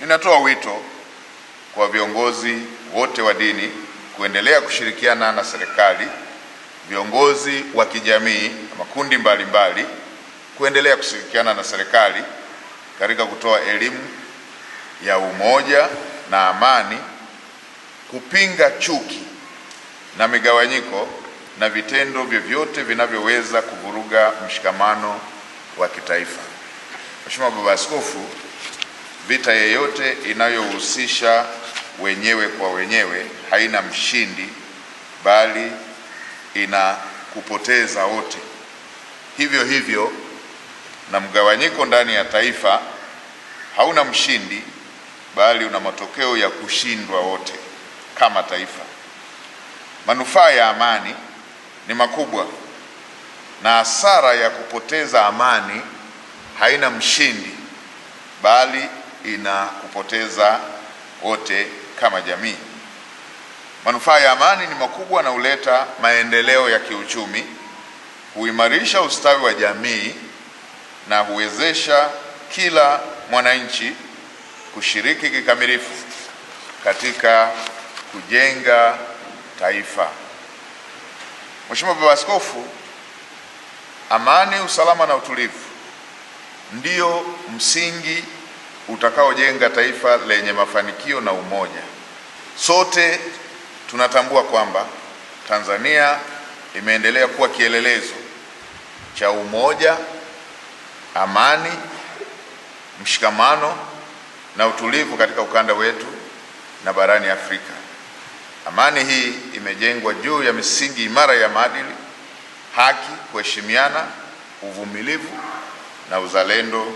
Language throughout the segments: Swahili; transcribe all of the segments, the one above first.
Ninatoa wito kwa viongozi wote wa dini kuendelea kushirikiana na serikali, viongozi wa kijamii na makundi mbalimbali mbali, kuendelea kushirikiana na serikali katika kutoa elimu ya umoja na amani, kupinga chuki na migawanyiko na vitendo vyovyote vinavyoweza kuvuruga mshikamano wa kitaifa. Mheshimiwa Baba Askofu Vita yeyote inayohusisha wenyewe kwa wenyewe haina mshindi, bali ina kupoteza wote. Hivyo hivyo na mgawanyiko ndani ya taifa hauna mshindi, bali una matokeo ya kushindwa wote kama taifa. Manufaa ya amani ni makubwa, na hasara ya kupoteza amani haina mshindi, bali inakupoteza wote kama jamii. Manufaa ya amani ni makubwa na huleta maendeleo ya kiuchumi, huimarisha ustawi wa jamii na huwezesha kila mwananchi kushiriki kikamilifu katika kujenga taifa. Mheshimiwa Baba Askofu, amani, usalama na utulivu ndiyo msingi utakaojenga taifa lenye mafanikio na umoja. Sote tunatambua kwamba Tanzania imeendelea kuwa kielelezo cha umoja, amani, mshikamano na utulivu katika ukanda wetu na barani Afrika. Amani hii imejengwa juu ya misingi imara ya maadili, haki, kuheshimiana, uvumilivu na uzalendo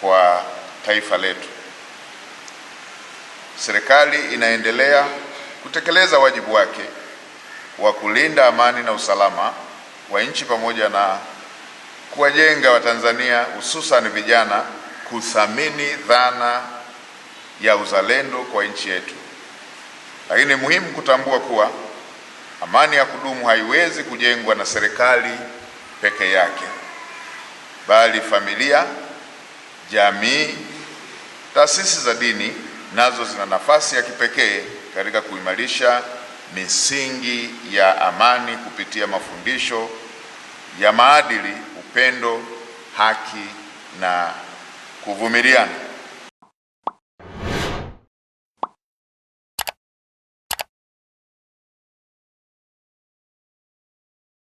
kwa taifa letu. Serikali inaendelea kutekeleza wajibu wake wa kulinda amani na usalama wa nchi pamoja na kuwajenga Watanzania hususan vijana kuthamini dhana ya uzalendo kwa nchi yetu. Lakini muhimu kutambua kuwa amani ya kudumu haiwezi kujengwa na serikali peke yake, bali familia, jamii Taasisi za dini nazo zina nafasi ya kipekee katika kuimarisha misingi ya amani kupitia mafundisho ya maadili, upendo, haki na kuvumiliana.